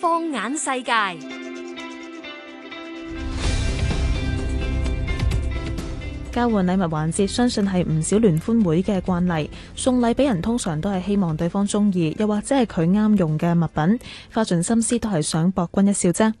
放眼世界。交換禮物環節，相信係唔少聯歡會嘅慣例。送禮俾人通常都係希望對方中意，又或者係佢啱用嘅物品，花盡心思都係想博君一笑啫。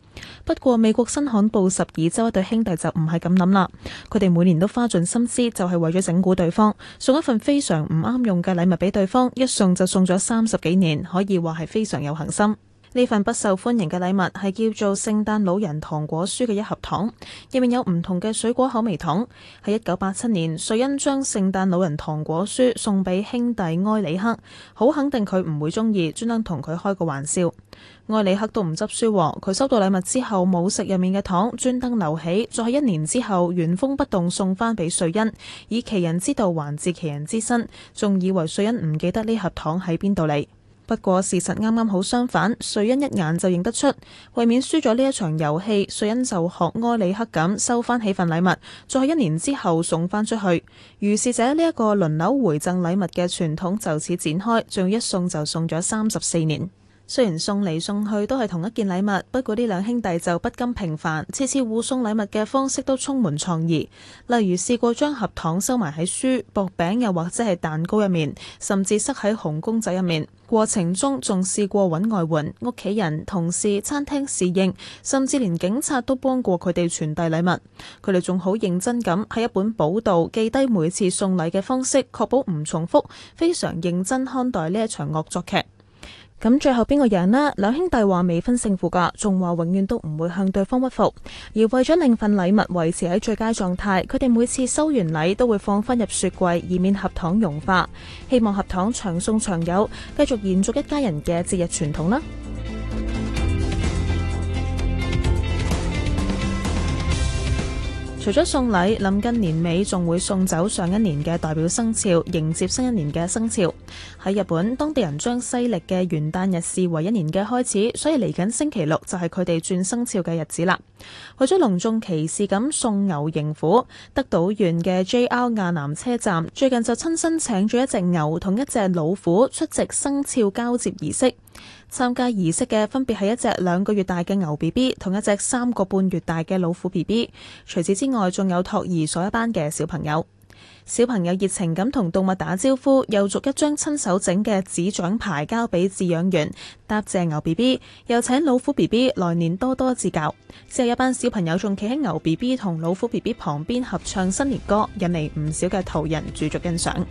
不過美國新罕布什爾州一對兄弟就唔係咁諗啦，佢哋每年都花盡心思，就係為咗整蠱對方，送一份非常唔啱用嘅禮物俾對方，一送就送咗三十幾年，可以話係非常有恆心。呢份不受歡迎嘅禮物係叫做《聖誕老人糖果書》嘅一盒糖，入面有唔同嘅水果口味糖。喺一九八七年，瑞恩將《聖誕老人糖果書》送俾兄弟埃里克，好肯定佢唔會中意，專登同佢開個玩笑。埃里克都唔執輸，佢收到禮物之後冇食入面嘅糖，專登留起，再喺一年之後原封不動送翻俾瑞恩，以其人之道還治其人之身，仲以為瑞恩唔記得呢盒糖喺邊度嚟。不過事實啱啱好相反，瑞恩一眼就認得出，為免輸咗呢一場遊戲，瑞恩就學埃里克咁收返起份禮物，再一年之後送返出去。如是者，呢一個輪流回贈禮物嘅傳統就此展開，仲要一送就送咗三十四年。雖然送嚟送去都係同一件禮物，不過呢兩兄弟就不甘平凡，次次互送禮物嘅方式都充滿創意。例如試過將盒糖收埋喺書、薄餅又或者係蛋糕入面，甚至塞喺紅公仔入面。過程中仲試過揾外援，屋企人、同事、餐廳侍應，甚至連警察都幫過佢哋傳遞禮物。佢哋仲好認真咁喺一本簿度記低每次送禮嘅方式，確保唔重複，非常認真看待呢一場惡作劇。咁最後邊個贏呢？兩兄弟話未分勝負㗎，仲話永遠都唔會向對方屈服。而為咗令份禮物維持喺最佳狀態，佢哋每次收完禮都會放返入雪櫃，以免盒糖融化。希望盒糖長送長有，繼續延續一家人嘅節日傳統啦。除咗送禮，臨近年尾仲會送走上一年嘅代表生肖，迎接新一年嘅生肖。喺日本，當地人將西歷嘅元旦日視為一年嘅開始，所以嚟緊星期六就係佢哋轉生肖嘅日子啦。為咗隆重其事咁送牛迎虎，德島縣嘅 JR 亞南車站最近就親身請咗一隻牛同一隻老虎出席生肖交接儀式。參加儀式嘅分別係一隻兩個月大嘅牛 B B 同一隻三個半月大嘅老虎 B B。除此之外，仲有托兒所一班嘅小朋友。小朋友熱情咁同動物打招呼，又逐一將親手整嘅紙獎牌交俾飼養員答謝牛 B B，又請老虎 B B 來年多多指教。之後一班小朋友仲企喺牛 B B 同老虎 B B 旁邊合唱新年歌，引嚟唔少嘅途人駐足欣賞。